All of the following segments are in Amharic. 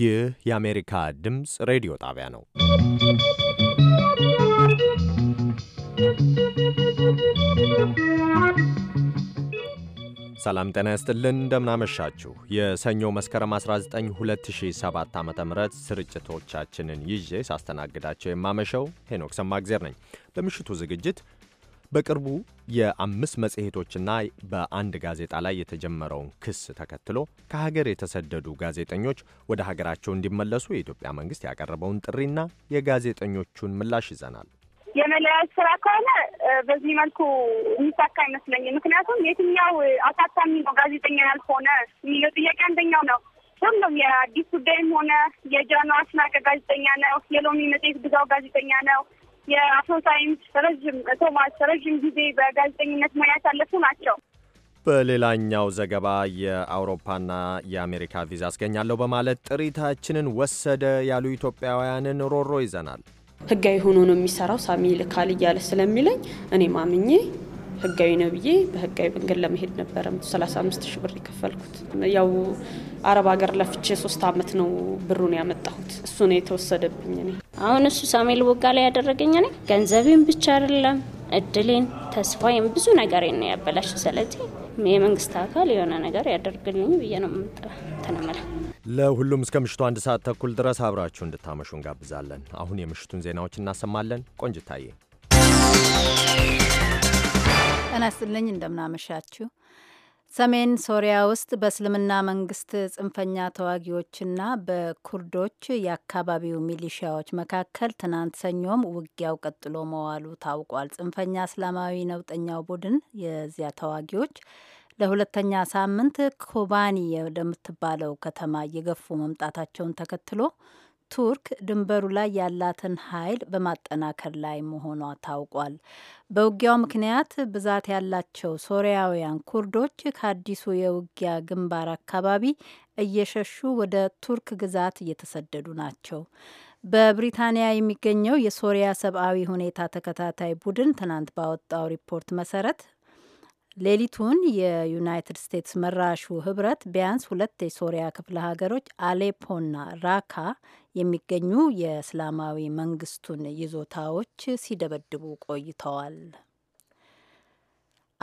ይህ የአሜሪካ ድምፅ ሬዲዮ ጣቢያ ነው። ሰላም ጤና ይስጥልን። እንደምናመሻችሁ። የሰኞ መስከረም 19 2007 ዓ ም ስርጭቶቻችንን ይዤ ሳስተናግዳቸው የማመሸው ሄኖክ ሰማግዜር ነኝ። በምሽቱ ዝግጅት በቅርቡ የአምስት መጽሔቶችና በአንድ ጋዜጣ ላይ የተጀመረውን ክስ ተከትሎ ከሀገር የተሰደዱ ጋዜጠኞች ወደ ሀገራቸው እንዲመለሱ የኢትዮጵያ መንግስት ያቀረበውን ጥሪና የጋዜጠኞቹን ምላሽ ይዘናል። የመለያየት ስራ ከሆነ በዚህ መልኩ የሚሳካ አይመስለኝም። ምክንያቱም የትኛው አሳታሚ ነው ጋዜጠኛ ያልሆነ የሚለው ጥያቄ አንደኛው ነው። ሁሉም የአዲስ ጉዳይም ሆነ የጃኖ አስናቀ ጋዜጠኛ ነው። የሎሚ መጽሔት ብዛው ጋዜጠኛ ነው። የአቶ ሳይንስ ረዥም ቶማስ ረዥም ጊዜ በጋዜጠኝነት ሙያ ያሳለፉ ናቸው። በሌላኛው ዘገባ የአውሮፓና የአሜሪካ ቪዛ አስገኛለሁ በማለት ጥሪታችንን ወሰደ ያሉ ኢትዮጵያውያንን ሮሮ ይዘናል። ህጋዊ ሆኖ ነው የሚሰራው ሳሚ ልካል እያለ ስለሚለኝ እኔ ማምኜ ህጋዊ ነው ብዬ በህጋዊ መንገድ ለመሄድ ነበረ 35 ሺ ብር የከፈልኩት ያው አረብ ሀገር ለፍቼ ሶስት አመት ነው ብሩን ያመጣሁት። እሱ ነው የተወሰደብኝ። እኔ አሁን እሱ ሳሙኤል ቦጋ ላይ ያደረገኝ እኔ ገንዘቤን ብቻ አይደለም እድሌን፣ ተስፋዬን፣ ብዙ ነገር ነው ያበላሽ። ስለዚህ የመንግስት አካል የሆነ ነገር ያደርግልኝ ብዬ ነው ተነመለ። ለሁሉም እስከ ምሽቱ አንድ ሰዓት ተኩል ድረስ አብራችሁ እንድታመሹ እንጋብዛለን። አሁን የምሽቱን ዜናዎች እናሰማለን። ቆንጅታዬ ጤና ይስጥልኝ እንደምናመሻችሁ ሰሜን ሶሪያ ውስጥ በእስልምና መንግስት ጽንፈኛ ተዋጊዎችና በኩርዶች የአካባቢው ሚሊሺያዎች መካከል ትናንት ሰኞም ውጊያው ቀጥሎ መዋሉ ታውቋል። ጽንፈኛ እስላማዊ ነውጠኛው ቡድን የዚያ ተዋጊዎች ለሁለተኛ ሳምንት ኮባኒ ወደምትባለው ከተማ እየገፉ መምጣታቸውን ተከትሎ ቱርክ ድንበሩ ላይ ያላትን ኃይል በማጠናከር ላይ መሆኗ ታውቋል። በውጊያው ምክንያት ብዛት ያላቸው ሶሪያውያን ኩርዶች ከአዲሱ የውጊያ ግንባር አካባቢ እየሸሹ ወደ ቱርክ ግዛት እየተሰደዱ ናቸው። በብሪታንያ የሚገኘው የሶሪያ ሰብአዊ ሁኔታ ተከታታይ ቡድን ትናንት ባወጣው ሪፖርት መሰረት ሌሊቱን የዩናይትድ ስቴትስ መራሹ ህብረት ቢያንስ ሁለት የሶሪያ ክፍለ ሀገሮች አሌፖና ራካ የሚገኙ የእስላማዊ መንግስቱን ይዞታዎች ሲደበድቡ ቆይተዋል።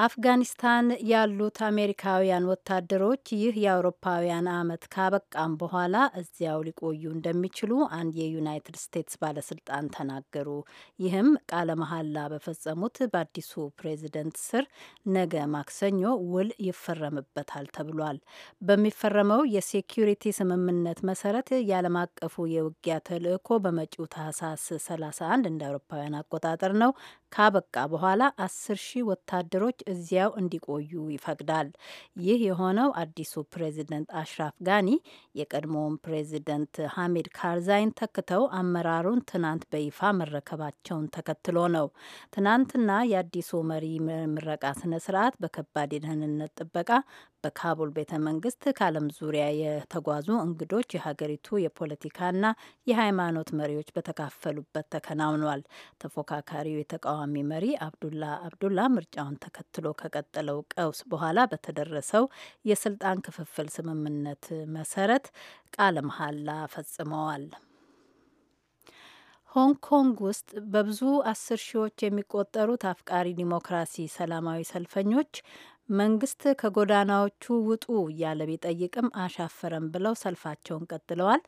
አፍጋኒስታን ያሉት አሜሪካውያን ወታደሮች ይህ የአውሮፓውያን አመት ካበቃም በኋላ እዚያው ሊቆዩ እንደሚችሉ አንድ የዩናይትድ ስቴትስ ባለስልጣን ተናገሩ። ይህም ቃለ መሐላ በፈጸሙት በአዲሱ ፕሬዚደንት ስር ነገ ማክሰኞ ውል ይፈረምበታል ተብሏል። በሚፈረመው የሴኪሪቲ ስምምነት መሰረት የዓለም አቀፉ የውጊያ ተልዕኮ በመጪው ታህሳስ 31 እንደ አውሮፓውያን አቆጣጠር ነው ካበቃ በኋላ አስር ሺህ ወታደሮች እዚያው እንዲቆዩ ይፈቅዳል። ይህ የሆነው አዲሱ ፕሬዚደንት አሽራፍ ጋኒ የቀድሞውን ፕሬዚደንት ሐሚድ ካርዛይን ተክተው አመራሩን ትናንት በይፋ መረከባቸውን ተከትሎ ነው። ትናንትና የአዲሱ መሪ ምረቃ ስነ ስርዓት በከባድ የደህንነት ጥበቃ በካቡል ቤተ መንግስት ከዓለም ዙሪያ የተጓዙ እንግዶች የሀገሪቱ የፖለቲካና የሃይማኖት መሪዎች በተካፈሉበት ተከናውኗል። ተፎካካሪው የተቃዋሚ መሪ አብዱላ አብዱላ ምርጫውን ተከትሎ ከቀጠለው ቀውስ በኋላ በተደረሰው የስልጣን ክፍፍል ስምምነት መሰረት ቃለ መሐላ ፈጽመዋል። ሆንግ ኮንግ ውስጥ በብዙ አስር ሺዎች የሚቆጠሩት አፍቃሪ ዲሞክራሲ ሰላማዊ ሰልፈኞች መንግስት ከጎዳናዎቹ ውጡ እያለ ቢጠይቅም አሻፈረም ብለው ሰልፋቸውን ቀጥለዋል።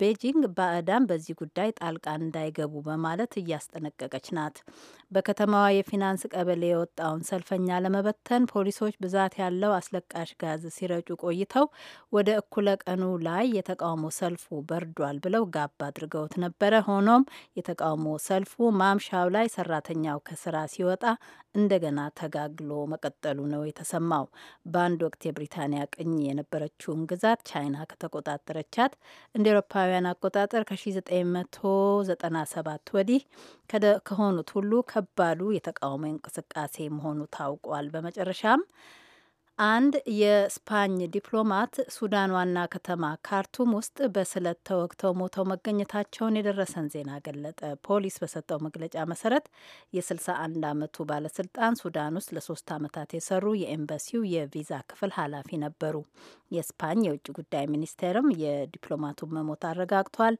ቤጂንግ ባዕዳን በዚህ ጉዳይ ጣልቃ እንዳይገቡ በማለት እያስጠነቀቀች ናት። በከተማዋ የፊናንስ ቀበሌ የወጣውን ሰልፈኛ ለመበተን ፖሊሶች ብዛት ያለው አስለቃሽ ጋዝ ሲረጩ ቆይተው ወደ እኩለ ቀኑ ላይ የተቃውሞ ሰልፉ በርዷል ብለው ጋብ አድርገውት ነበረ። ሆኖም የተቃውሞ ሰልፉ ማምሻው ላይ ሰራተኛው ከስራ ሲወጣ እንደገና ተጋግሎ መቀጠሉ ነው የተሰማው። በአንድ ወቅት የብሪታንያ ቅኝ የነበረችውን ግዛት ቻይና ከተቆጣጠረቻት እንደ ኤሮፓውያን አቆጣጠር ከ1997 ወዲህ ከሆኑት ሁሉ ከባዱ የተቃውሞ እንቅስቃሴ መሆኑ ታውቋል። በመጨረሻም አንድ የስፓኝ ዲፕሎማት ሱዳን ዋና ከተማ ካርቱም ውስጥ በስለት ተወግተው ሞተው መገኘታቸውን የደረሰን ዜና ገለጠ። ፖሊስ በሰጠው መግለጫ መሰረት የ61 ዓመቱ ባለስልጣን ሱዳን ውስጥ ለሶስት ዓመታት የሰሩ የኤምባሲው የቪዛ ክፍል ኃላፊ ነበሩ። የስፓኝ የውጭ ጉዳይ ሚኒስቴርም የዲፕሎማቱን መሞት አረጋግቷል።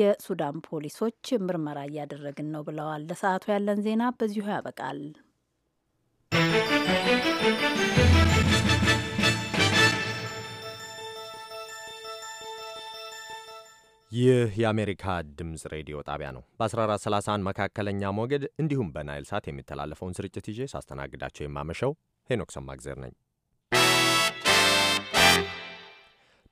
የሱዳን ፖሊሶች ምርመራ እያደረግን ነው ብለዋል። ለሰዓቱ ያለን ዜና በዚሁ ያበቃል። ይህ የአሜሪካ ድምፅ ሬዲዮ ጣቢያ ነው። በ1431 መካከለኛ ሞገድ እንዲሁም በናይል ሳት የሚተላለፈውን ስርጭት ይዤ ሳስተናግዳቸው የማመሸው ሄኖክ ሰማግዜር ነኝ።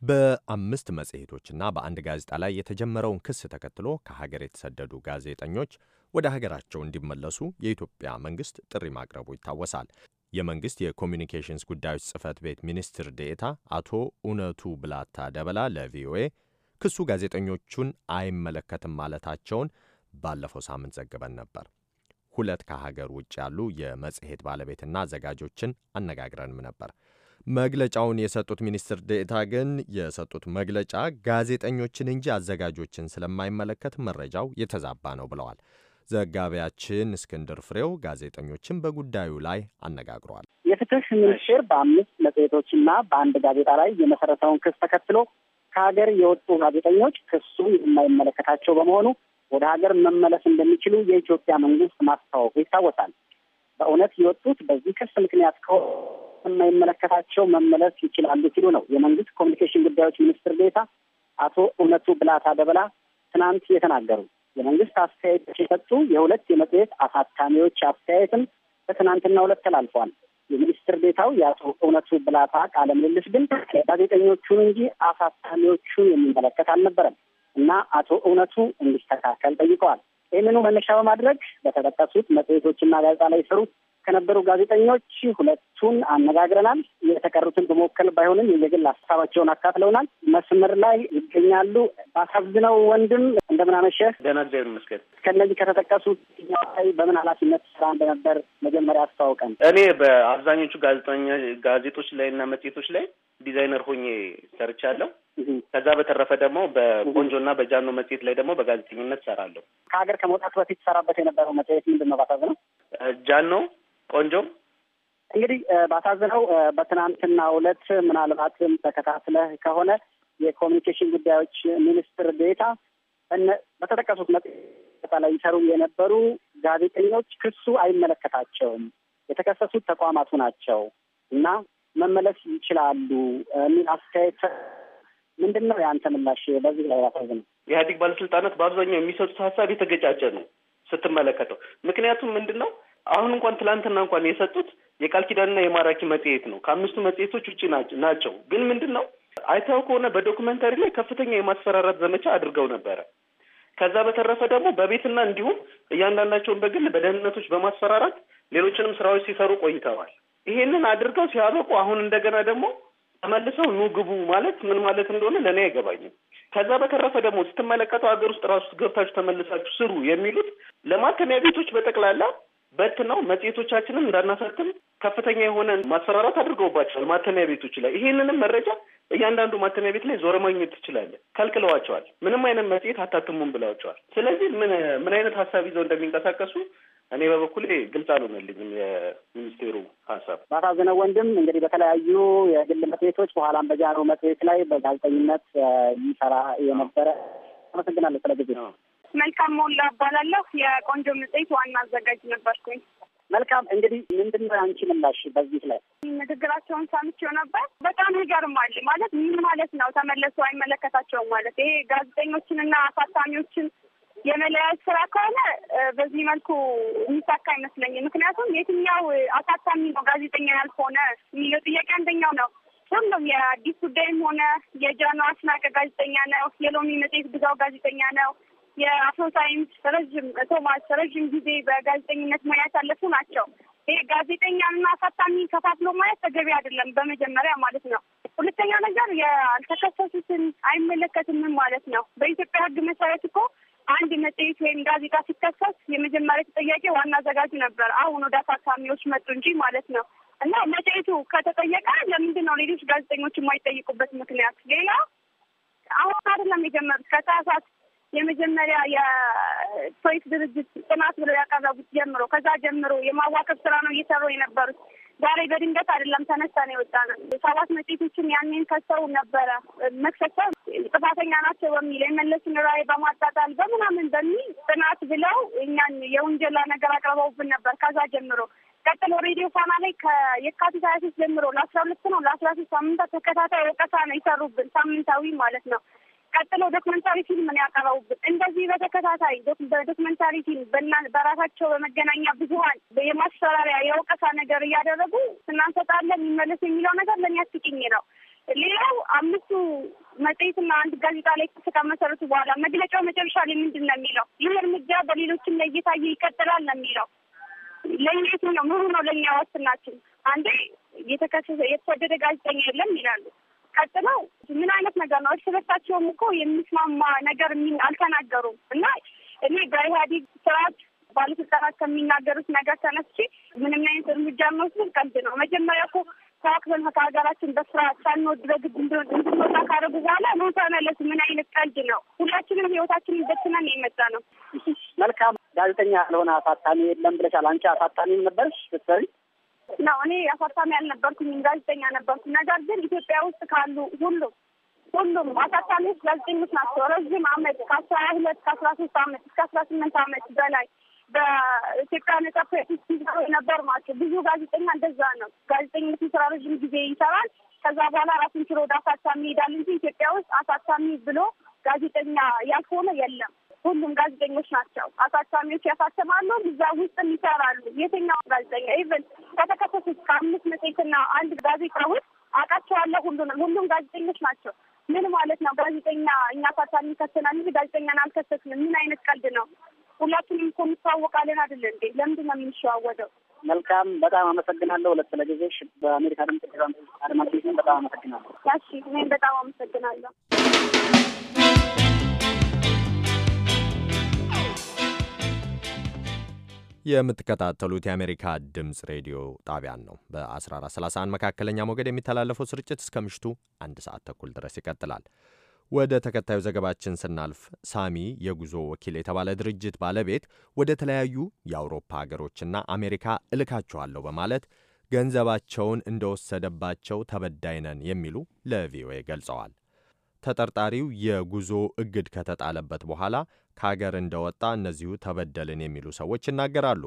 በአምስት መጽሔቶችና በአንድ ጋዜጣ ላይ የተጀመረውን ክስ ተከትሎ ከሀገር የተሰደዱ ጋዜጠኞች ወደ ሀገራቸው እንዲመለሱ የኢትዮጵያ መንግስት ጥሪ ማቅረቡ ይታወሳል። የመንግስት የኮሚኒኬሽንስ ጉዳዮች ጽህፈት ቤት ሚኒስትር ዴኤታ አቶ እውነቱ ብላታ ደበላ ለቪኦኤ ክሱ ጋዜጠኞቹን አይመለከትም ማለታቸውን ባለፈው ሳምንት ዘግበን ነበር። ሁለት ከሀገር ውጭ ያሉ የመጽሔት ባለቤትና አዘጋጆችን አነጋግረንም ነበር። መግለጫውን የሰጡት ሚኒስትር ዴኤታ ግን የሰጡት መግለጫ ጋዜጠኞችን እንጂ አዘጋጆችን ስለማይመለከት መረጃው የተዛባ ነው ብለዋል። ዘጋቢያችን እስክንድር ፍሬው ጋዜጠኞችን በጉዳዩ ላይ አነጋግሯል። የፍትህ ሚኒስቴር በአምስት መጽሔቶችና በአንድ ጋዜጣ ላይ የመሰረተውን ክስ ተከትሎ ከሀገር የወጡ ጋዜጠኞች ክሱ የማይመለከታቸው በመሆኑ ወደ ሀገር መመለስ እንደሚችሉ የኢትዮጵያ መንግስት ማስታወቁ ይታወሳል። በእውነት የወጡት በዚህ ክስ ምክንያት ከሆነ የማይመለከታቸው መመለስ ይችላሉ ሲሉ ነው የመንግስት ኮሚኒኬሽን ጉዳዮች ሚኒስትር ዴኤታ አቶ እውነቱ ብላታ ደበላ ትናንት የተናገሩ የመንግስት አስተያየቶች የሰጡ የሁለት የመጽሔት አሳታሚዎች አስተያየትም በትናንትና ሁለት ተላልፏል። የሚኒስትር ቤታው የአቶ እውነቱ ብላታ ቃለ ምልልስ ግን ጋዜጠኞቹን እንጂ አሳታሚዎቹ የሚመለከት አልነበረም እና አቶ እውነቱ እንዲስተካከል ጠይቀዋል። ይህንኑ መነሻ በማድረግ በተጠቀሱት መጽሔቶችና ጋዜጣ ላይ ሰሩ ከነበሩ ጋዜጠኞች ሁለት ሶስቱን አነጋግረናል። የተቀሩትን በመወከል ባይሆንም የግል ሀሳባቸውን አካፍለውናል። መስመር ላይ ይገኛሉ። ባሳዝነው ወንድም እንደምን አመሸህ? ደህና እግዚአብሔር ይመስገን። ከእነዚህ ከተጠቀሱት ላይ በምን ኃላፊነት ስራ እንደነበር መጀመሪያ አስተዋውቀን። እኔ በአብዛኞቹ ጋዜጠኛ ጋዜጦች ላይ እና መጽሔቶች ላይ ዲዛይነር ሆኜ ሰርቻለሁ። ከዛ በተረፈ ደግሞ በቆንጆና በጃኖ መጽሔት ላይ ደግሞ በጋዜጠኝነት ሰራለሁ። ከሀገር ከመውጣት በፊት ሰራበት የነበረው መጽሔት ምንድን ነው? ባሳዝነው ጃኖ ቆንጆ እንግዲህ ባሳዝነው በትናንትና ዕለት ምናልባትም ተከታትለህ ከሆነ የኮሚኒኬሽን ጉዳዮች ሚኒስትር ዴታ በተጠቀሱት መጣ ላይ ይሰሩ የነበሩ ጋዜጠኞች ክሱ አይመለከታቸውም፣ የተከሰሱት ተቋማቱ ናቸው እና መመለስ ይችላሉ የሚል አስተያየት ምንድን ነው የአንተ ምላሽ በዚህ ላይ? ባሳዝነው የኢህአዴግ ባለስልጣናት በአብዛኛው የሚሰጡት ሀሳብ የተገጫጨ ነው ስትመለከተው። ምክንያቱም ምንድን ነው አሁን እንኳን ትላንትና እንኳን የሰጡት የቃል ኪዳንና የማራኪ መጽሔት ነው። ከአምስቱ መጽሔቶች ውጭ ናቸው። ግን ምንድን ነው አይተው ከሆነ በዶክመንታሪ ላይ ከፍተኛ የማስፈራራት ዘመቻ አድርገው ነበረ። ከዛ በተረፈ ደግሞ በቤትና እንዲሁም እያንዳንዳቸውን በግል በደህንነቶች በማስፈራራት ሌሎችንም ስራዎች ሲሰሩ ቆይተዋል። ይሄንን አድርገው ሲያበቁ አሁን እንደገና ደግሞ ተመልሰው ኑ ግቡ ማለት ምን ማለት እንደሆነ ለእኔ አይገባኝም። ከዛ በተረፈ ደግሞ ስትመለከተው ሀገር ውስጥ ራሱ ገብታችሁ ተመልሳችሁ ስሩ የሚሉት ለማተሚያ ቤቶች በጠቅላላ በት ነው እንዳናሳትም ከፍተኛ የሆነ ማስፈራራት አድርገውባቸዋል ማተሚያ ቤቶች ላይ። ይሄንንም መረጃ እያንዳንዱ ማተሚያ ቤት ላይ ዞረ ማግኘት ትችላለህ። ከልክለዋቸዋል። ምንም አይነት መጽሔት አታትሙም ብለዋቸዋል። ስለዚህ ምን ምን አይነት ሀሳብ ይዘው እንደሚንቀሳቀሱ እኔ በበኩሌ ግልጽ አልሆነልኝም የሚኒስቴሩ ሀሳብ። ባሳዘነ ወንድም እንግዲህ በተለያዩ የግል መጽሔቶች በኋላም በጃኖ መጽሔት ላይ በጋዜጠኝነት ይሰራ የነበረ አመሰግናለሁ ስለ ጊዜ። መልካም ሞላ እባላለሁ። የቆንጆ መጽሔት ዋና አዘጋጅ ነበርኩኝ። መልካም እንግዲህ ምንድን ነው አንቺ ምላሽ በዚህ ላይ? ንግግራቸውን ሰምቼው ነበር። በጣም ይገርማል። ማለት ምን ማለት ነው? ተመለሱ አይመለከታቸውም ማለት ይሄ ጋዜጠኞችንና አሳታሚዎችን የመለያየት ስራ ከሆነ በዚህ መልኩ የሚሳካ አይመስለኝም። ምክንያቱም የትኛው አሳታሚ ነው ጋዜጠኛ ያልሆነ የሚለው ጥያቄ አንደኛው ነው። ሁሉም የአዲስ ጉዳይም ሆነ የጃኖ አስናቀ ጋዜጠኛ ነው። የሎሚ መጽሔት ብዛው ጋዜጠኛ ነው። የአቶ ሳይንስ ረዥም ቶማስ ረዥም ጊዜ በጋዜጠኝነት ሙያ ያሳለፉ ናቸው። ይሄ ጋዜጠኛና አሳታሚ ከፋፍሎ ማየት ተገቢ አይደለም፣ በመጀመሪያ ማለት ነው። ሁለተኛ ነገር ያልተከሰሱትን አይመለከትም ማለት ነው። በኢትዮጵያ ሕግ መሰረት እኮ አንድ መጽሔት ወይም ጋዜጣ ሲከሰስ የመጀመሪያ ተጠያቂ ዋና አዘጋጁ ነበር። አሁን ወደ አሳታሚዎች መጡ እንጂ ማለት ነው። እና መጽሔቱ ከተጠየቀ ለምንድን ነው ሌሎች ጋዜጠኞች የማይጠይቁበት ምክንያት? ሌላ አሁን አይደለም የጀመሩት ከሰዓታት የመጀመሪያ የቶይት ድርጅት ጥናት ብለው ያቀረቡት ጀምሮ ከዛ ጀምሮ የማዋከብ ስራ ነው እየሰሩ የነበሩት። ዛሬ በድንገት አይደለም ነው የወጣ ነው። ሰባት መጽሔቶችን ያኔን ከሰው ነበረ መክሰሰው ጥፋተኛ ናቸው በሚል የመለስን ራዕይ በማጣጣል በምናምን በሚል ጥናት ብለው እኛን የውንጀላ ነገር አቅርበውብን ነበር። ከዛ ጀምሮ ቀጥሎ ሬዲዮ ፋና ላይ ከየካቲት ሀያ ሶስት ጀምሮ ለአስራ ሁለት ነው ለአስራ ሶስት ሳምንታት ተከታታይ ወቀሳ ነው የሰሩብን፣ ሳምንታዊ ማለት ነው። ቀጥሎ ዶክመንታሪ ፊልም ነው ያቀረቡብን። እንደዚህ በተከታታይ በዶክመንታሪ ፊልም በራሳቸው በመገናኛ ብዙሀን የማስፈራሪያ የወቀሳ ነገር እያደረጉ ስናንሰጣለን የሚመለስ የሚለው ነገር ለእኔ አስቂኝ ነው። ሌላው አምስቱ መጽሔትና አንድ ጋዜጣ ላይ ክስ ከመሰረቱ በኋላ መግለጫው መጨረሻ ላይ ምንድን ነው የሚለው ይህ እርምጃ በሌሎችም ላይ እየታየ ይቀጥላል ነው የሚለው። ለየት ነው ምሁ ነው ለእኛ ዋስትናችን? አንዴ የተከሰሰ የተወደደ ጋዜጠኛ የለም ይላሉ ቀጥለው ምን አይነት ነገር ነው? እርስ በርሳቸውም እኮ የሚስማማ ነገር አልተናገሩም። እና እኔ በኢህአዴግ ስርዓት ባለስልጣናት ከሚናገሩት ነገር ተነስቼ ምንም አይነት እርምጃ መውሰድ ቀልድ ነው። መጀመሪያ እኮ ተዋክበን ከሀገራችን በስርዓት ሳንወድ በግድ እንድንወጣ ካደረጉ በኋላ ሞታነለት ምን አይነት ቀልድ ነው? ሁላችንም ህይወታችንን በትነን የመጣ ነው። መልካም ጋዜጠኛ ያልሆነ አሳታሚ የለም ብለሻል። አንቺ አሳታሚም ነበርሽ ስትሰሪ ነው። እኔ አሳታሚ አልነበርኩኝም፣ ጋዜጠኛ ነበርኩ። ነገር ግን ኢትዮጵያ ውስጥ ካሉ ሁሉም ሁሉም አሳታሚዎች ጋዜጠኞች ናቸው። ረዥም አመት ከአስራ ሁለት ከአስራ ሶስት አመት እስከ አስራ ስምንት አመት በላይ በኢትዮጵያ ነጻ ፕሬስ ሲሰሩ ናቸው። ብዙ ጋዜጠኛ እንደዛ ነው። ጋዜጠኝነትን ስራ ረዥም ጊዜ ይሰራል። ከዛ በኋላ ራሱን ችሎ ወደ አሳታሚ ይሄዳል እንጂ ኢትዮጵያ ውስጥ አሳታሚ ብሎ ጋዜጠኛ ያልሆነ የለም። ሁሉም ጋዜጠኞች ናቸው። አሳታሚዎች ያሳተማሉ፣ እዛ ውስጥም ይሰራሉ። የትኛውን ጋዜጠኛ ኢቨን ከተከሰሱት ከአምስት መጽሔትና አንድ ጋዜጣ ውስጥ አውቃቸዋለሁ። ሁሉንም ሁሉም ጋዜጠኞች ናቸው። ምን ማለት ነው? ጋዜጠኛ እኛ አሳታሚ ከሰናል እንጂ ጋዜጠኛን አልከሰስንም። ምን አይነት ቀልድ ነው? ሁላችንም እኮ እንተዋወቃለን አይደለ እንዴ? ለምንድን ነው የምንሸዋወደው? መልካም፣ በጣም አመሰግናለሁ ሁለት ስለ ጊዜሽ። በአሜሪካ ድምጽ አድማጮችን በጣም አመሰግናለሁ። እሺ፣ እኔም በጣም አመሰግናለሁ። የምትከታተሉት የአሜሪካ ድምፅ ሬዲዮ ጣቢያን ነው። በ1431 መካከለኛ ሞገድ የሚተላለፈው ስርጭት እስከ ምሽቱ አንድ ሰዓት ተኩል ድረስ ይቀጥላል። ወደ ተከታዩ ዘገባችን ስናልፍ ሳሚ የጉዞ ወኪል የተባለ ድርጅት ባለቤት ወደ ተለያዩ የአውሮፓ ሀገሮችና አሜሪካ እልካችኋለሁ በማለት ገንዘባቸውን እንደወሰደባቸው ተበዳይ ነን የሚሉ ለቪኦኤ ገልጸዋል። ተጠርጣሪው የጉዞ እግድ ከተጣለበት በኋላ ከሀገር እንደወጣ እነዚሁ ተበደልን የሚሉ ሰዎች ይናገራሉ።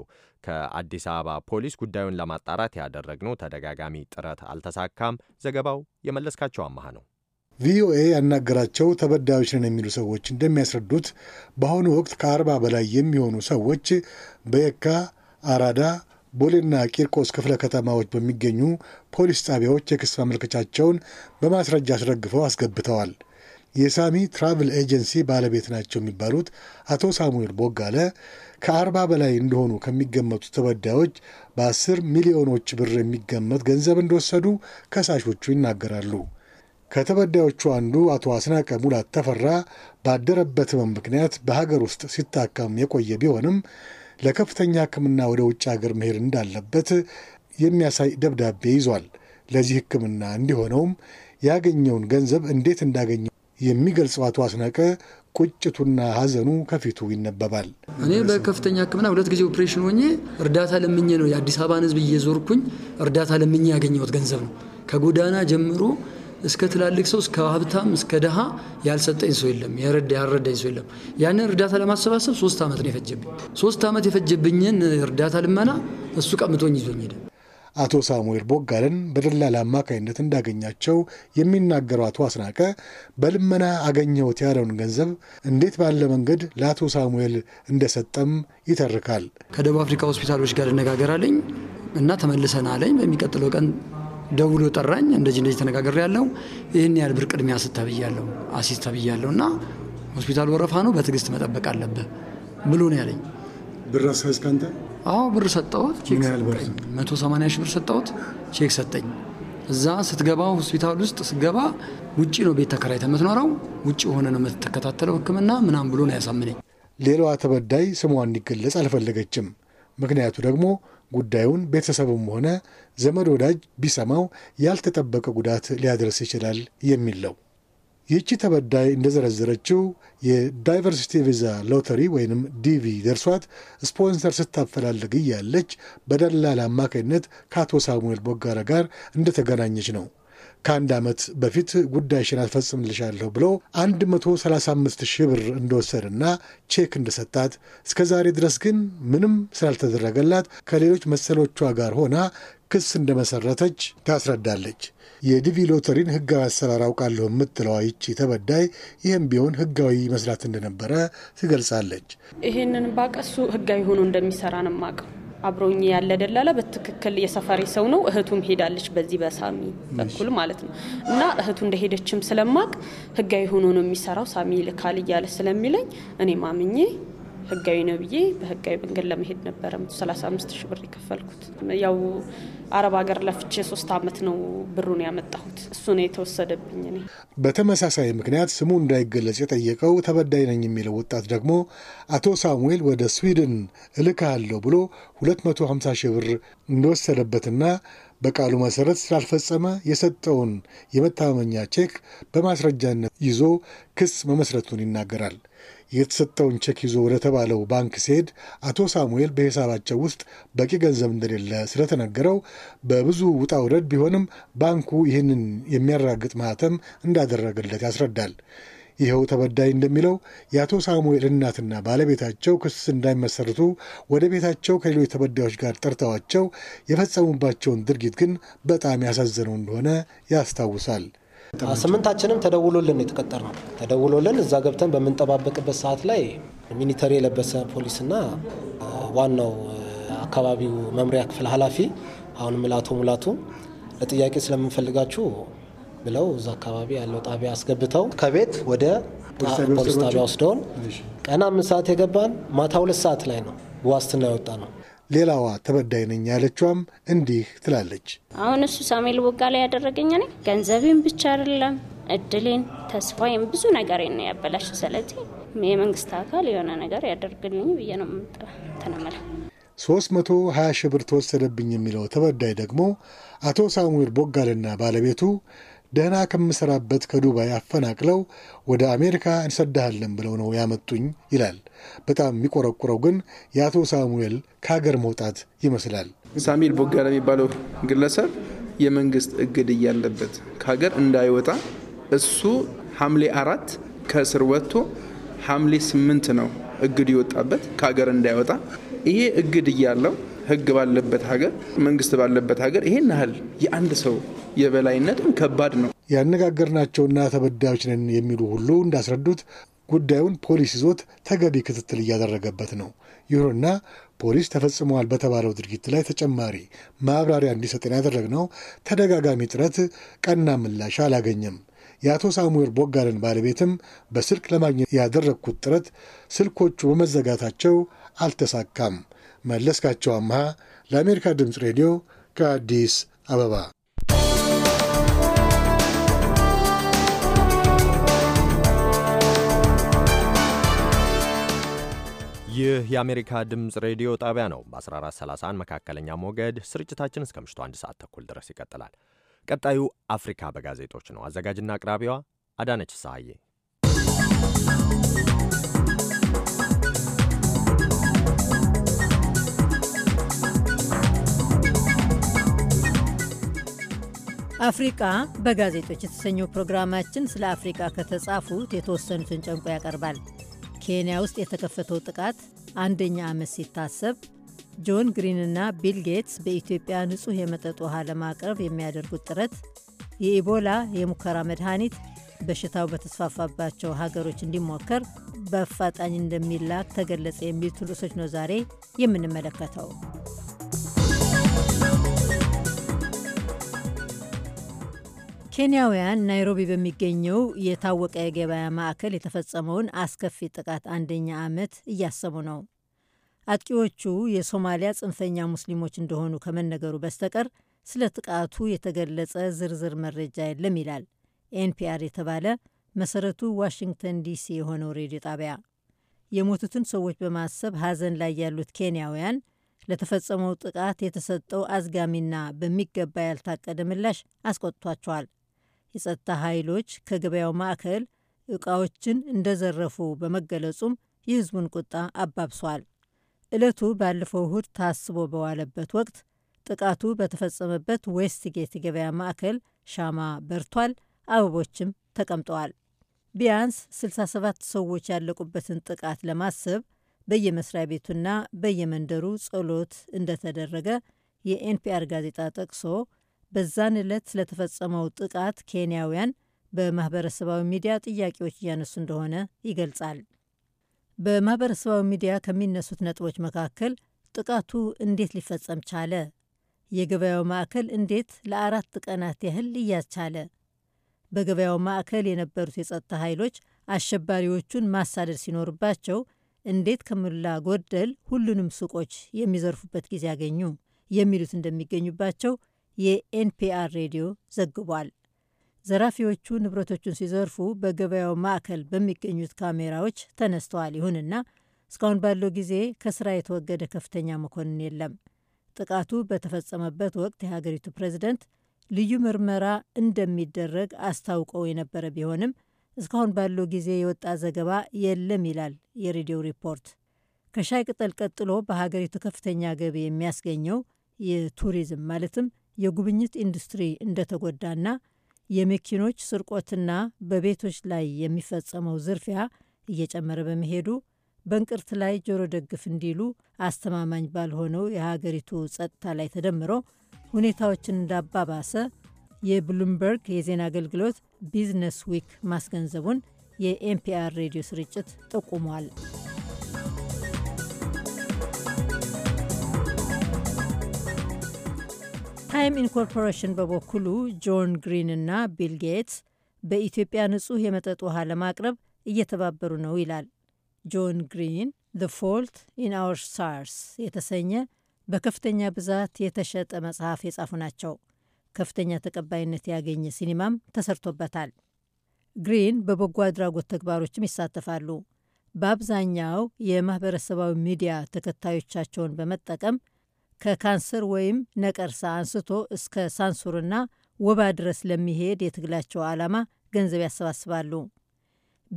ከአዲስ አበባ ፖሊስ ጉዳዩን ለማጣራት ያደረግነው ተደጋጋሚ ጥረት አልተሳካም። ዘገባው የመለስካቸው አማሃ ነው። ቪኦኤ ያናገራቸው ተበዳዮች ነን የሚሉ ሰዎች እንደሚያስረዱት በአሁኑ ወቅት ከአርባ በላይ የሚሆኑ ሰዎች በየካ አራዳ ቦሌና ቂርቆስ ክፍለ ከተማዎች በሚገኙ ፖሊስ ጣቢያዎች የክስ ማመልከቻቸውን በማስረጃ አስረግፈው አስገብተዋል። የሳሚ ትራቭል ኤጀንሲ ባለቤት ናቸው የሚባሉት አቶ ሳሙኤል ቦጋለ ከአርባ በላይ እንደሆኑ ከሚገመቱ ተበዳዮች በአስር ሚሊዮኖች ብር የሚገመት ገንዘብ እንደወሰዱ ከሳሾቹ ይናገራሉ። ከተበዳዮቹ አንዱ አቶ አስናቀ ሙላት ተፈራ ባደረበት ምክንያት በሀገር ውስጥ ሲታከም የቆየ ቢሆንም ለከፍተኛ ሕክምና ወደ ውጭ ሀገር መሄድ እንዳለበት የሚያሳይ ደብዳቤ ይዟል። ለዚህ ሕክምና እንዲሆነውም ያገኘውን ገንዘብ እንዴት እንዳገኘ የሚገልጸው አቶ አስነቀ ቁጭቱና ሀዘኑ ከፊቱ ይነበባል። እኔ በከፍተኛ ሕክምና ሁለት ጊዜ ኦፕሬሽን ሆኜ እርዳታ ለምኜ ነው የአዲስ አበባን ሕዝብ እየዞርኩኝ እርዳታ ለምኜ ያገኘሁት ገንዘብ ነው። ከጎዳና ጀምሮ እስከ ትላልቅ ሰው እስከ ሀብታም እስከ ድሃ ያልሰጠኝ ሰው የለም፣ ያልረዳኝ ሰው የለም። ያንን እርዳታ ለማሰባሰብ ሶስት ዓመት ነው የፈጀብኝ። ሶስት ዓመት የፈጀብኝን እርዳታ ልመና እሱ ቀምቶኝ ይዞኝ ሄደ። አቶ ሳሙኤል ቦጋለን በደላላ አማካኝነት እንዳገኛቸው የሚናገረው አቶ አስናቀ በልመና አገኘሁት ያለውን ገንዘብ እንዴት ባለ መንገድ ለአቶ ሳሙኤል እንደሰጠም ይተርካል። ከደቡብ አፍሪካ ሆስፒታሎች ጋር እነጋገራለኝ እና ተመልሰን አለኝ። በሚቀጥለው ቀን ደውሎ ጠራኝ። እንደዚህ እንደዚህ ተነጋገር ያለው ይህን ያህል ብር ቅድሚያ ስታብያለሁ አሲስት ታብያለሁ እና ሆስፒታል ወረፋ ነው፣ በትዕግስት መጠበቅ አለብህ ብሎ ነው ያለኝ። ብር አስያዝክ አንተ? አዎ ብር ሰጠሁት። መቶ ሰማንያ ሺህ ብር ሰጠሁት። ቼክ ሰጠኝ። እዛ ስትገባ ሆስፒታል ውስጥ ስትገባ ውጭ ነው ቤት ተከራይተ የምትኖረው፣ ውጭ ሆነ ነው የምትከታተለው ሕክምና ምናም ብሎ ነው ያሳምነኝ። ሌላዋ ተበዳይ ስሟ እንዲገለጽ አልፈለገችም። ምክንያቱ ደግሞ ጉዳዩን ቤተሰብም ሆነ ዘመድ ወዳጅ ቢሰማው ያልተጠበቀ ጉዳት ሊያደርስ ይችላል የሚል ነው። ይህቺ ተበዳይ እንደዘረዘረችው የዳይቨርሲቲ ቪዛ ሎተሪ ወይንም ዲቪ ደርሷት ስፖንሰር ስታፈላልግ እያለች በደላል አማካኝነት ከአቶ ሳሙኤል ቦጋራ ጋር እንደተገናኘች ነው። ከአንድ ዓመት በፊት ጉዳይሽን አስፈጽምልሻለሁ ብሎ 135 ሺህ ብር እንደወሰደና ቼክ እንደሰጣት እስከ ዛሬ ድረስ ግን ምንም ስላልተደረገላት ከሌሎች መሰሎቿ ጋር ሆና ክስ እንደመሰረተች ታስረዳለች። የዲቪ ሎተሪን ህጋዊ አሰራር አውቃለሁ የምትለዋ ይቺ ተበዳይ ይህም ቢሆን ህጋዊ መስራት እንደነበረ ትገልጻለች። ይህንን ባቀሱ ህጋዊ ሆኖ እንደሚሰራ ነው የማውቀው። አብሮኝ ያለ ደላላ በትክክል የሰፈሬ ሰው ነው። እህቱም ሄዳለች በዚህ በሳሚ በኩል ማለት ነው እና እህቱ እንደሄደችም ስለማቅ ህጋዊ ሆኖ ነው የሚሰራው ሳሚ ልካል እያለ ስለሚለኝ እኔ ማምኜ ህጋዊ ነው ብዬ በህጋዊ መንገድ ለመሄድ ነበረ 35 ሺ ብር የከፈልኩት። ያው አረብ ሀገር ለፍቼ ሶስት አመት ነው ብሩን ያመጣሁት። እሱ ነው የተወሰደብኝ። እኔ በተመሳሳይ ምክንያት ስሙ እንዳይገለጽ የጠየቀው ተበዳይ ነኝ የሚለው ወጣት ደግሞ አቶ ሳሙኤል ወደ ስዊድን እልካለሁ ብሎ 250 መቶ ብር እንደወሰደበትና በቃሉ መሰረት ስላልፈጸመ የሰጠውን የመታመኛ ቼክ በማስረጃነት ይዞ ክስ መመስረቱን ይናገራል። የተሰጠውን ቼክ ይዞ ወደ ተባለው ባንክ ሲሄድ አቶ ሳሙኤል በሂሳባቸው ውስጥ በቂ ገንዘብ እንደሌለ ስለተነገረው በብዙ ውጣ ውረድ ቢሆንም ባንኩ ይህንን የሚያራግጥ ማህተም እንዳደረገለት ያስረዳል። ይኸው ተበዳይ እንደሚለው የአቶ ሳሙኤል እናትና ባለቤታቸው ክስ እንዳይመሰርቱ ወደ ቤታቸው ከሌሎች ተበዳዮች ጋር ጠርተዋቸው የፈጸሙባቸውን ድርጊት ግን በጣም ያሳዘነው እንደሆነ ያስታውሳል። ስምንታችንም ተደውሎልን የተቀጠር ነው። ተደውሎልን እዛ ገብተን በምንጠባበቅበት ሰዓት ላይ ሚኒተሪ የለበሰ ፖሊስና ዋናው አካባቢው መምሪያ ክፍል ኃላፊ አሁንም ላቶ ሙላቱ ለጥያቄ ስለምንፈልጋችሁ ብለው እዛ አካባቢ ያለው ጣቢያ አስገብተው ከቤት ወደ ፖሊስ ጣቢያ ወስደውን ቀን አምስት ሰዓት የገባን ማታ ሁለት ሰዓት ላይ ነው በዋስትና የወጣ ነው። ሌላዋ ተበዳይ ነኝ ያለችዋም እንዲህ ትላለች። አሁን እሱ ሳሙኤል ቦጋ ላይ ያደረገኝ እኔ ገንዘቤን ብቻ አይደለም እድሌን፣ ተስፋዬን፣ ብዙ ነገሬን ነው ያበላሽ። ስለዚህ የመንግስት አካል የሆነ ነገር ያደርግልኝ ብዬ ነው ተነመለ 320 ሺህ ብር ተወሰደብኝ የሚለው ተበዳይ ደግሞ አቶ ሳሙኤል ቦጋልና ባለቤቱ ደህና ከምሰራበት ከዱባይ አፈናቅለው ወደ አሜሪካ እንሰዳሃለን ብለው ነው ያመጡኝ ይላል። በጣም የሚቆረቁረው ግን የአቶ ሳሙኤል ከሀገር መውጣት ይመስላል። ሳሚል ቦጋለ የሚባለው ግለሰብ የመንግስት እግድ እያለበት ከሀገር እንዳይወጣ እሱ ሐምሌ አራት ከእስር ወጥቶ ሐምሌ ስምንት ነው እግድ ይወጣበት ከሀገር እንዳይወጣ ይሄ እግድ እያለው ህግ ባለበት ሀገር፣ መንግስት ባለበት ሀገር ይሄን ያህል የአንድ ሰው የበላይነትም ከባድ ነው። ያነጋገርናቸውና ተበዳዮች ነን የሚሉ ሁሉ እንዳስረዱት ጉዳዩን ፖሊስ ይዞት ተገቢ ክትትል እያደረገበት ነው። ይሁንና ፖሊስ ተፈጽመዋል በተባለው ድርጊት ላይ ተጨማሪ ማብራሪያ እንዲሰጠን ያደረግነው ተደጋጋሚ ጥረት ቀና ምላሽ አላገኘም። የአቶ ሳሙኤል ቦጋለን ባለቤትም በስልክ ለማግኘት ያደረግኩት ጥረት ስልኮቹ በመዘጋታቸው አልተሳካም። መለስካቸው አምሃ ለአሜሪካ ድምፅ ሬዲዮ ከአዲስ አበባ ይህ የአሜሪካ ድምፅ ሬዲዮ ጣቢያ ነው። በ1431 መካከለኛ ሞገድ ስርጭታችን እስከ ምሽቱ አንድ ሰዓት ተኩል ድረስ ይቀጥላል። ቀጣዩ አፍሪካ በጋዜጦች ነው። አዘጋጅና አቅራቢዋ አዳነች ሳዬ አፍሪቃ በጋዜጦች የተሰኘው ፕሮግራማችን ስለ አፍሪቃ ከተጻፉት የተወሰኑትን ጨምቆ ያቀርባል። ኬንያ ውስጥ የተከፈተው ጥቃት አንደኛ ዓመት ሲታሰብ፣ ጆን ግሪንና ቢል ጌትስ በኢትዮጵያ ንጹሕ የመጠጥ ውሃ ለማቅረብ የሚያደርጉት ጥረት፣ የኢቦላ የሙከራ መድኃኒት በሽታው በተስፋፋባቸው ሀገሮች እንዲሞከር በአፋጣኝ እንደሚላክ ተገለጸ የሚሉት ርዕሶች ነው ዛሬ የምንመለከተው። ኬንያውያን ናይሮቢ በሚገኘው የታወቀ የገበያ ማዕከል የተፈጸመውን አስከፊ ጥቃት አንደኛ ዓመት እያሰቡ ነው። አጥቂዎቹ የሶማሊያ ጽንፈኛ ሙስሊሞች እንደሆኑ ከመነገሩ በስተቀር ስለ ጥቃቱ የተገለጸ ዝርዝር መረጃ የለም ይላል ኤንፒአር የተባለ መሰረቱ ዋሽንግተን ዲሲ የሆነው ሬዲዮ ጣቢያ። የሞቱትን ሰዎች በማሰብ ሐዘን ላይ ያሉት ኬንያውያን ለተፈጸመው ጥቃት የተሰጠው አዝጋሚና በሚገባ ያልታቀደ ምላሽ አስቆጥቷቸዋል። የጸጥታ ኃይሎች ከገበያው ማዕከል ዕቃዎችን እንደዘረፉ በመገለጹም የሕዝቡን ቁጣ አባብሷል። ዕለቱ ባለፈው እሁድ ታስቦ በዋለበት ወቅት ጥቃቱ በተፈጸመበት ዌስትጌት ገበያ ማዕከል ሻማ በርቷል፣ አበቦችም ተቀምጠዋል። ቢያንስ 67 ሰዎች ያለቁበትን ጥቃት ለማሰብ በየመስሪያ ቤቱና በየመንደሩ ጸሎት እንደተደረገ የኤንፒአር ጋዜጣ ጠቅሶ በዛን ዕለት ስለተፈጸመው ጥቃት ኬንያውያን በማህበረሰባዊ ሚዲያ ጥያቄዎች እያነሱ እንደሆነ ይገልጻል። በማህበረሰባዊ ሚዲያ ከሚነሱት ነጥቦች መካከል ጥቃቱ እንዴት ሊፈጸም ቻለ? የገበያው ማዕከል እንዴት ለአራት ቀናት ያህል ሊያዝ ቻለ? በገበያው ማዕከል የነበሩት የጸጥታ ኃይሎች አሸባሪዎቹን ማሳደድ ሲኖርባቸው እንዴት ከሞላ ጎደል ሁሉንም ሱቆች የሚዘርፉበት ጊዜ ያገኙ? የሚሉት እንደሚገኙባቸው የኤንፒአር ሬዲዮ ዘግቧል። ዘራፊዎቹ ንብረቶቹን ሲዘርፉ በገበያው ማዕከል በሚገኙት ካሜራዎች ተነስተዋል። ይሁንና እስካሁን ባለው ጊዜ ከስራ የተወገደ ከፍተኛ መኮንን የለም። ጥቃቱ በተፈጸመበት ወቅት የሀገሪቱ ፕሬዚደንት ልዩ ምርመራ እንደሚደረግ አስታውቀው የነበረ ቢሆንም እስካሁን ባለው ጊዜ የወጣ ዘገባ የለም ይላል የሬዲዮ ሪፖርት። ከሻይ ቅጠል ቀጥሎ በሀገሪቱ ከፍተኛ ገቢ የሚያስገኘው የቱሪዝም ማለትም የጉብኝት ኢንዱስትሪ እንደተጎዳና የመኪኖች ስርቆትና በቤቶች ላይ የሚፈጸመው ዝርፊያ እየጨመረ በመሄዱ በእንቅርት ላይ ጆሮ ደግፍ እንዲሉ አስተማማኝ ባልሆነው የሀገሪቱ ጸጥታ ላይ ተደምሮ ሁኔታዎችን እንዳባባሰ የብሉምበርግ የዜና አገልግሎት ቢዝነስ ዊክ ማስገንዘቡን የኤንፒአር ሬዲዮ ስርጭት ጠቁሟል። ታይም ኢንኮርፖሬሽን በበኩሉ ጆን ግሪን እና ቢል ጌትስ በኢትዮጵያ ንጹህ የመጠጥ ውሃ ለማቅረብ እየተባበሩ ነው ይላል። ጆን ግሪን ዘ ፎልት ኢን አውር ሳርስ የተሰኘ በከፍተኛ ብዛት የተሸጠ መጽሐፍ የጻፉ ናቸው። ከፍተኛ ተቀባይነት ያገኘ ሲኒማም ተሰርቶበታል። ግሪን በበጎ አድራጎት ተግባሮችም ይሳተፋሉ። በአብዛኛው የማህበረሰባዊ ሚዲያ ተከታዮቻቸውን በመጠቀም ከካንሰር ወይም ነቀርሳ አንስቶ እስከ ሳንሱርና ወባ ድረስ ለሚሄድ የትግላቸው ዓላማ ገንዘብ ያሰባስባሉ።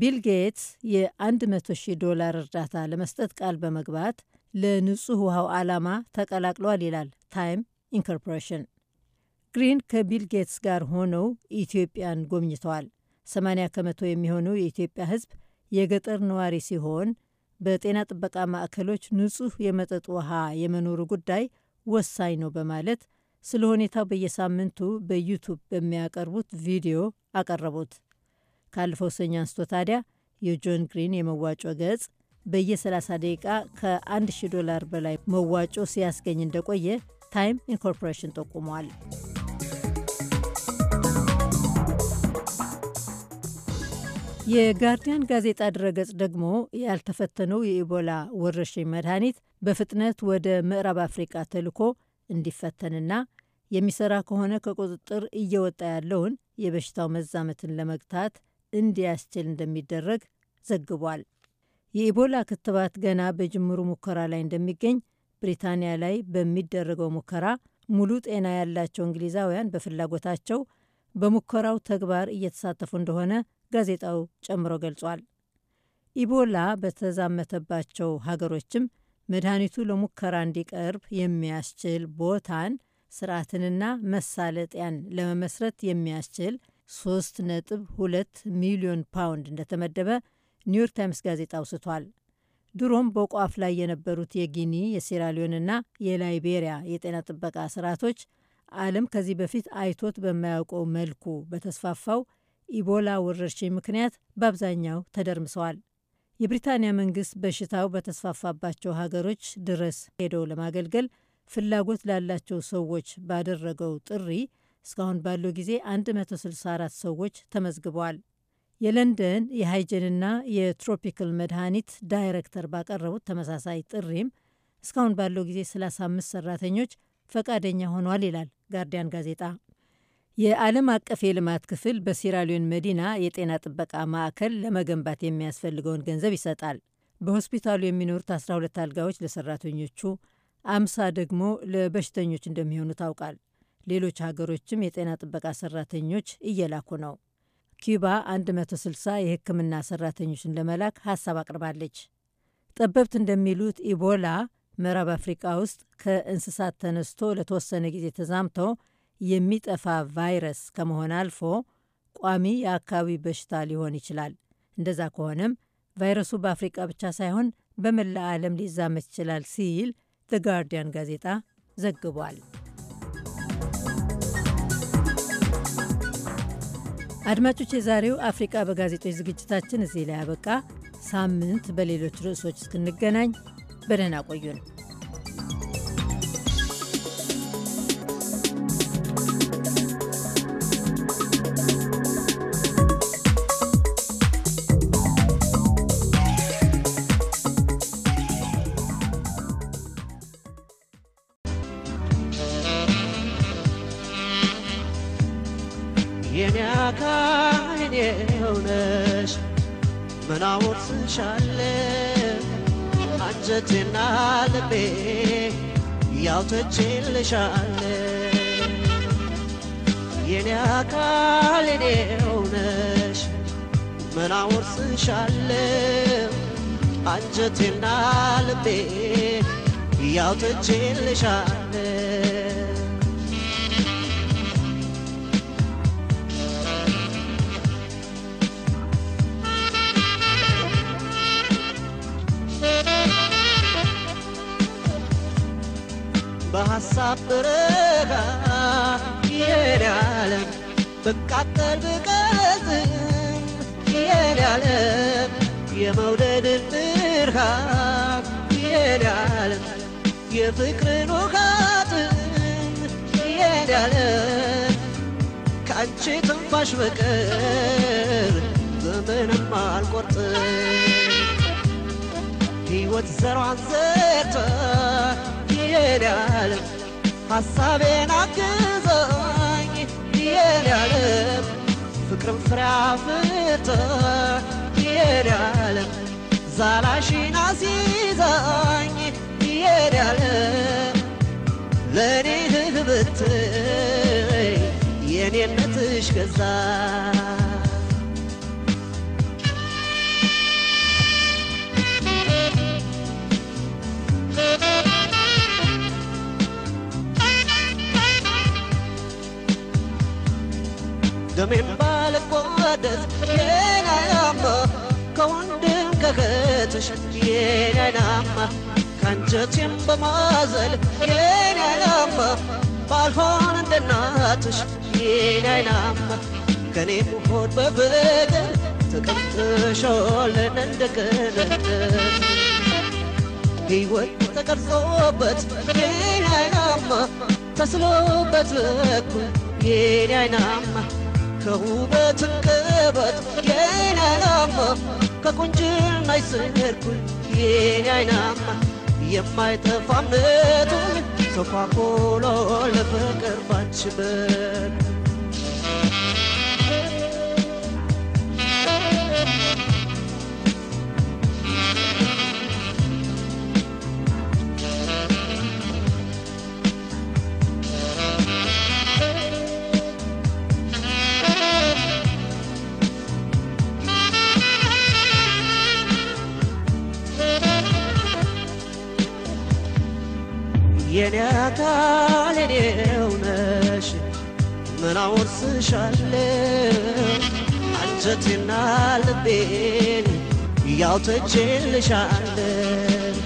ቢል ጌትስ የ100 ሺህ ዶላር እርዳታ ለመስጠት ቃል በመግባት ለንጹህ ውሃው ዓላማ ተቀላቅሏል ይላል ታይም ኢንኮርፖሬሽን። ግሪን ከቢል ጌትስ ጋር ሆነው ኢትዮጵያን ጎብኝተዋል። 80 ከመቶ የሚሆነው የኢትዮጵያ ሕዝብ የገጠር ነዋሪ ሲሆን በጤና ጥበቃ ማዕከሎች ንጹህ የመጠጥ ውሃ የመኖሩ ጉዳይ ወሳኝ ነው በማለት ስለ ሁኔታው በየሳምንቱ በዩቱብ በሚያቀርቡት ቪዲዮ አቀረቡት። ካለፈው ሰኞ አንስቶ ታዲያ የጆን ግሪን የመዋጮ ገጽ በየ30 ደቂቃ ከ1000 ዶላር በላይ መዋጮ ሲያስገኝ እንደቆየ ታይም ኢንኮርፖሬሽን ጠቁሟል። የጋርዲያን ጋዜጣ ድረገጽ ደግሞ ያልተፈተነው የኢቦላ ወረርሽኝ መድኃኒት በፍጥነት ወደ ምዕራብ አፍሪቃ ተልኮ እንዲፈተንና የሚሰራ ከሆነ ከቁጥጥር እየወጣ ያለውን የበሽታው መዛመትን ለመግታት እንዲያስችል እንደሚደረግ ዘግቧል። የኢቦላ ክትባት ገና በጅምሩ ሙከራ ላይ እንደሚገኝ ብሪታንያ ላይ በሚደረገው ሙከራ ሙሉ ጤና ያላቸው እንግሊዛውያን በፍላጎታቸው በሙከራው ተግባር እየተሳተፉ እንደሆነ ጋዜጣው ጨምሮ ገልጿል። ኢቦላ በተዛመተባቸው ሀገሮችም መድኃኒቱ ለሙከራ እንዲቀርብ የሚያስችል ቦታን ስርዓትንና መሳለጥያን ለመመስረት የሚያስችል 3.2 ሚሊዮን ፓውንድ እንደተመደበ ኒውዮርክ ታይምስ ጋዜጣ አውስቷል። ድሮም በቋፍ ላይ የነበሩት የጊኒ የሴራሊዮንና የላይቤሪያ የጤና ጥበቃ ስርዓቶች ዓለም ከዚህ በፊት አይቶት በማያውቀው መልኩ በተስፋፋው ኢቦላ ወረርሽኝ ምክንያት በአብዛኛው ተደርምሰዋል። የብሪታንያ መንግስት በሽታው በተስፋፋባቸው ሀገሮች ድረስ ሄደው ለማገልገል ፍላጎት ላላቸው ሰዎች ባደረገው ጥሪ እስካሁን ባለው ጊዜ 164 ሰዎች ተመዝግበዋል። የለንደን የሃይጀንና የትሮፒካል መድኃኒት ዳይሬክተር ባቀረቡት ተመሳሳይ ጥሪም እስካሁን ባለው ጊዜ 35 ሰራተኞች ፈቃደኛ ሆኗል ይላል ጋርዲያን ጋዜጣ። የዓለም አቀፍ የልማት ክፍል በሲራሊዮን መዲና የጤና ጥበቃ ማዕከል ለመገንባት የሚያስፈልገውን ገንዘብ ይሰጣል። በሆስፒታሉ የሚኖሩት 12 አልጋዎች ለሰራተኞቹ፣ አምሳ ደግሞ ለበሽተኞች እንደሚሆኑ ታውቃል። ሌሎች ሀገሮችም የጤና ጥበቃ ሰራተኞች እየላኩ ነው። ኪዩባ 160 የሕክምና ሰራተኞችን ለመላክ ሀሳብ አቅርባለች። ጠበብት እንደሚሉት ኢቦላ ምዕራብ አፍሪቃ ውስጥ ከእንስሳት ተነስቶ ለተወሰነ ጊዜ ተዛምተው የሚጠፋ ቫይረስ ከመሆን አልፎ ቋሚ የአካባቢ በሽታ ሊሆን ይችላል። እንደዛ ከሆነም ቫይረሱ በአፍሪቃ ብቻ ሳይሆን በመላ ዓለም ሊዛመት ይችላል ሲል ዘ ጋርዲያን ጋዜጣ ዘግቧል። አድማጮች፣ የዛሬው አፍሪቃ በጋዜጦች ዝግጅታችን እዚህ ላይ ያበቃ። ሳምንት በሌሎች ርዕሶች እስክንገናኝ በደህና ቆዩን። ሰጥቼልሻል የኔ አካል የኔ አንጀቴና ልቤ ያውጥቼልሻለሁ ሳብረጋ ይሄዳለም ብቃጠል ብቀዝም ያለ የመውደድን ብርሃን ይሄዳለም የፍቅርን ውሃጥም ይሄዳለም ከአንቺ ትንፋሽ በቀር በምንም አልቆርጥም ሕይወት ዘሯን ዘርቷል የኔ ዓለም ሐሳቤን አግዘኝ የኔ ዓለም ፍቅርም ፍሬ አፍርቶ የኔ ዓለም ዛላሽን አስይዛኝ የኔ ዓለም ለእኔ ህብትይ የኔነትሽ ገዛኝ ደሜም ባልቋደስ የኔን አይናማ ከወንድም ከእህትሽ የኔን አይናማ ከአንጀቴም በማዘል የኔን አይናማ ባልሆን እንደናትሽ እናትሽ ከኔ አይናማ ከኔም ሆድ በፍቅር ተቀምጥሾልን ሕይወት ተቀርጾበት የኔ አይናማ ተስሎበት በኩል የኔ አይናማ ከውበት ቅበት የኔ አይናማ ከቁንጅና ይስርኩኝ የኔ አይናማ የማይጠፋ ምጡኝ ሰኳኮሎ ለፍቅር ባንችበት የኔታ ለኔው ነሽ ምን አወርስሻለሁ አንጀቴና ልቤን ያውተችልሻለሁ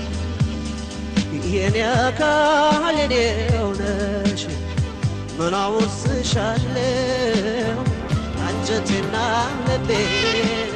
የኔ አካል የኔው ነሽ ምን አወርስሻለሁ አንጀቴና ልቤን